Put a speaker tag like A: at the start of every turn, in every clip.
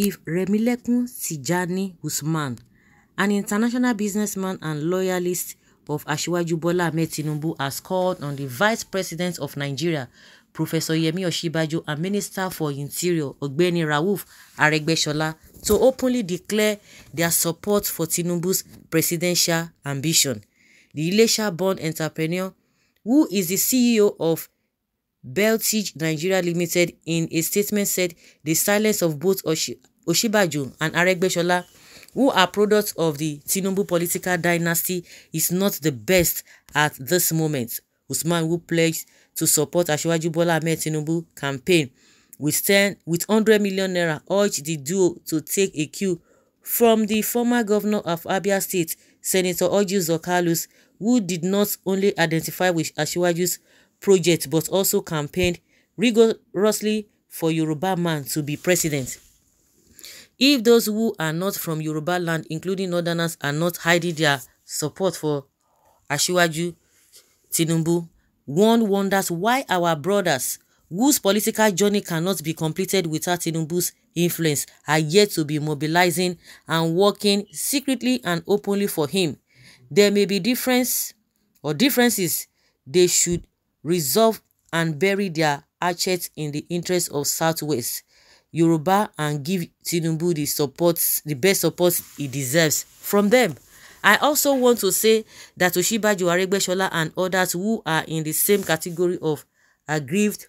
A: Chief Rẹ̀mílẹ́kún Tìjàní Usman, an international businessman and loyalist of Asiwaju Bola Ahmed Tinubu, has called on the Vice President of Nigeria, Professor Yemi Osinbajo and Minister for Interior, Ogbeni Rauf Aregbesola, to openly declare their support for Tinubu's presidential ambition. The Ilesha-born entrepreneur, who is the CEO of Beltage Nigeria Limited, in a statement said the silence of both Osh Oshibanjo and Aregbesola, who are products of the Tinubu political dynasty, is not the best at this moment. Usman, who pledged to support Asiwaju Bola Ahmed Tinubu campaign with 10 with 100 million naira, urged the duo to take a cue from the former governor of Abia State, Senator Orji Zokalus, who did not only identify with Asiwaju's project but also campaigned rigorously for Yoruba man to be president. If those who are not from Yoruba land, including northerners, are not hiding their support for Ashiwaju Tinubu, one wonders why our brothers, whose political journey cannot be completed without Tinubu's influence, are yet to be mobilizing and working secretly and openly for him. There may be difference or differences they should resolve and bury their hatchets in the interest of Southwest. Yoruba and give Tinubu the support, the best support he deserves from them. I also want to say that Osinbajo, Aregbesola and others who are in the same category of aggrieved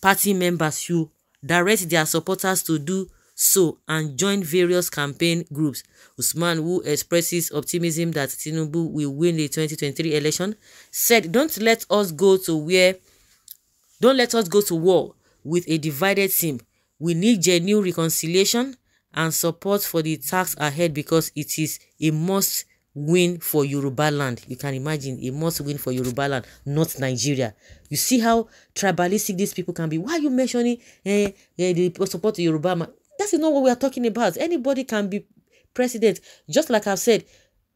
A: party members should direct their supporters to do so and join various campaign groups. Usman, who expresses optimism that Tinubu will win the 2023 election, said, Don't let us go to where don't let us go to war with a divided team. We need genuine reconciliation and support for the tasks ahead because it is a must-win for Yoruba land. You can imagine, a must-win for Yoruba land, not Nigeria. You see how tribalistic these people can be. Why are you mentioning eh, eh, the support to Yoruba? Man? is not what we are talking about. Anybody can be president. Just like I've said,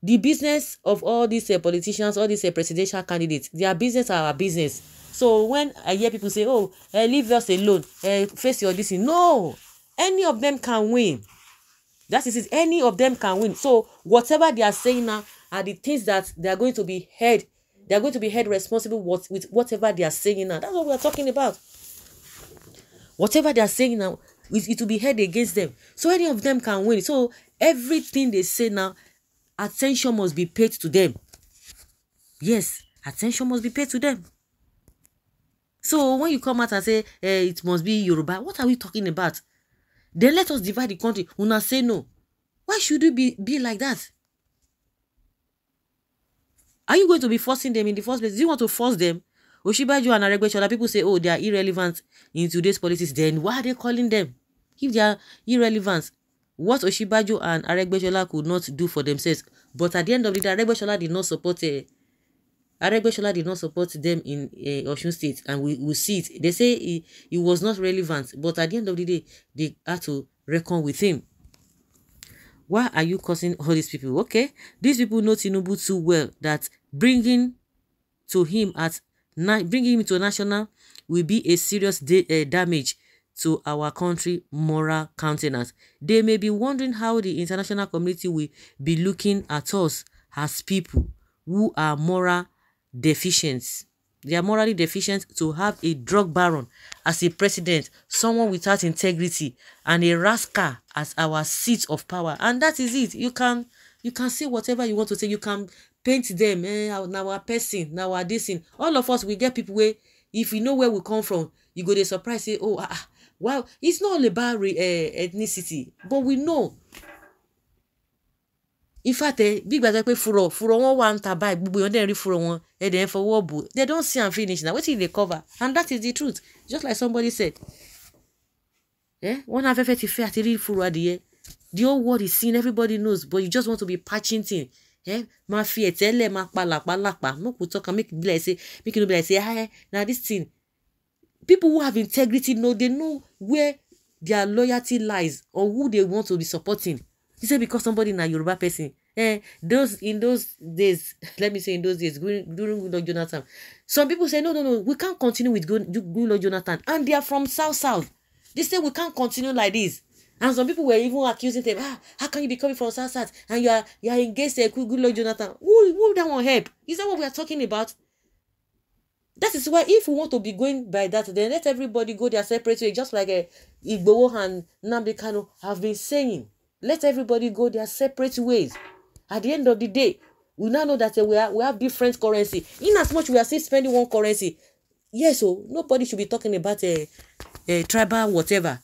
A: the business of all these uh, politicians, all these uh, presidential candidates, their business are our business so when i hear people say oh eh, leave us alone eh, face your disease no any of them can win that is it any of them can win so whatever they are saying now are the things that they are going to be held they are going to be held responsible what, with whatever they are saying now that's what we are talking about whatever they are saying now it, it will be held against them so any of them can win so everything they say now attention must be paid to them yes attention must be paid to them So when you come out and say eh, it must be Yoruba, what are we talking about? Then let us divide the country. Una say no. Why should we be, be like that? Are you going to be forcing them in the first place? Do you want to force them? Oshibaju and Aregbesola, people say, oh, they are irrelevant in today's politics. Then why are they calling them? If they are irrelevant, what Oshibaju and Aregbesola could not do for themselves. But at the end of the day, Aregbesola did not support a. Uh, eh, Aregbesola did not support them in uh, Osun State, and we will see it. They say he, he was not relevant, but at the end of the day, they had to reckon with him. Why are you causing all these people? Okay, these people know Tinubu too well that bringing to him at bringing him to national will be a serious da uh, damage to our country moral countenance. They may be wondering how the international community will be looking at us as people who are moral deficient. They are morally deficient to have a drug baron as a president, someone without integrity, and a rascal as our seat of power. And that is it. You can you can say whatever you want to say. You can paint them, eh, our person, now our this. thing. All of us, we get people where, if you know where we come from, you go dey surprise say oh ah, ah well it's not all about uh, ethnicity but we know ìfàtẹ gbígbà eh, tó pé furọ furọ wọn wà ń ta báyìí gbogbo yẹn dẹ́n rí furọ wọn ẹ̀dẹ̀ ń fọwọ́ bò they don see am finish na wetin e dey cover and that is the truth just like somebody said eh? wọn náà afẹ́fẹ́ ti fẹ́ àti rí furọ adìyẹ the whole world is seen everybody knows but you just want to be patching thing eh? máa fi ẹ̀tẹ́ lẹ̀ máa pa làpá làpá mo kò tọ́ka make you be like say make you no be like say ah eh, na this thing people who have integrity know they know where their loyalty lies or who they want to be supporting you say because somebody na yoruba person eh those in those days let me say in those days during during goodluck jonathan some people say no no no we can't continue with goodluck jonathan and they are from south south they say we can't continue like this and some people were even accusing them ah how can you be coming from south south and you are you are engaged to goodluck jonathan who who that one help is that what we are talking about that is why if we want to be going by that then let everybody go their separate way just like uh, and nnamdi kanu have been saying let everybody go their separate ways at the end of the day we now know that uh, we, are, we have different currency in as much we are still spending one currency yes o oh, so nobody should be talking about a, eh, a eh, tribal whatever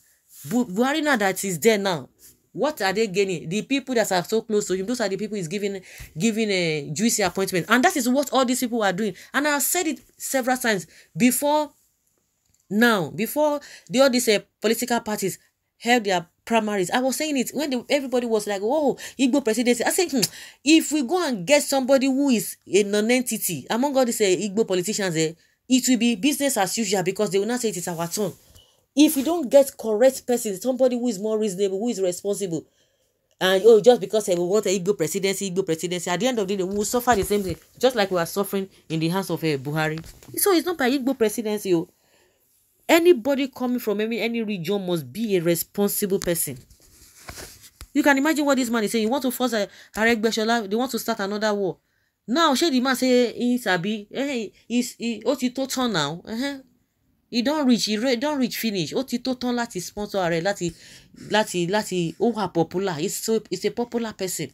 A: buhari now that is there now what are they gaining the people that are so close to him those are the people he's giving giving a juicy appointment and that is what all these people are doing and i said it several times before now before the all these uh, political parties held their primaries. I was saying it when the, everybody was like, oh, Igbo presidency. I say, hmm, if we go and get somebody who is a non-entity, among all these uh, Igbo politicians, eh, it will be business as usual because they will not say it is our turn. If we don't get correct person, somebody who is more reasonable, who is responsible, and oh, just because eh, we want a eh, Igbo presidency, Igbo presidency, at the end of the day, we will suffer the same thing, just like we are suffering in the hands of uh, Buhari. So it's not by Igbo presidency, oh anybody coming from any any region must be a responsible person you can imagine what this man is saying you want to force Aregbesola they want to start another war now shey the man say he sabi eh he ó ti tó tán now eh he don reach he re, don reach finish ó ti tó tán láti sponsor ààrẹ láti láti láti ó popular he's so he's a popular person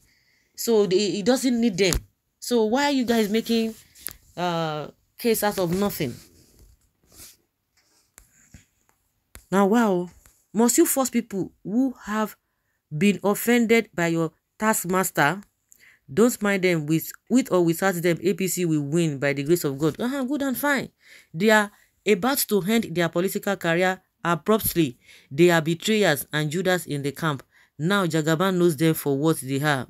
A: so they, he doesn't need them so why are you guys making uh, case out of nothing. Now, wow, must you force people who have been offended by your taskmaster? Don't mind them with with or without them. APC will win by the grace of God. Uh-huh, good and fine. They are about to end their political career abruptly. They are betrayers and Judas in the camp. Now Jagaban knows them for what they are.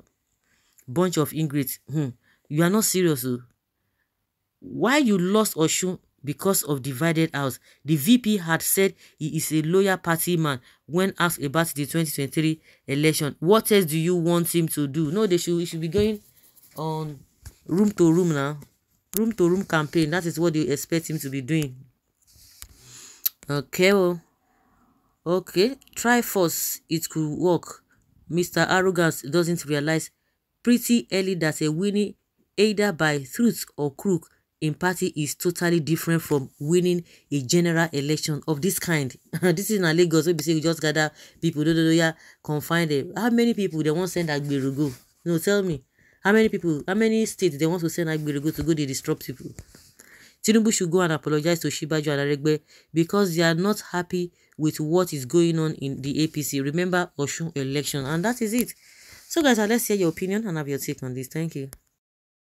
A: Bunch of ingrates. Hmm. You are not serious. Oh. Why you lost Oshun because of divided house. The VP had said he is a loyal party man when asked about the 2023 election. What else do you want him to do? No, they should, he should be going on room to room now. Room to room campaign. That is what they expect him to be doing. Okay, well. Oh. Okay, try first. It could work. Mr. Arrogance doesn't realize pretty early that a winning either by truth or crook in party is totally different from winning a general election of this kind. this is in Lagos, we say you just gather people, do, do, do, yeah, confine them. How many people they want to send Agbiru go? No, tell me. How many people, how many states they want to send Agbiru go to go they disrupt people? Tinubu should go and apologize to Shibaju and Aregbe because they are not happy with what is going on in the APC. Remember Oshun election and that is it. So guys, uh, let's hear your opinion and have your take on this. Thank you.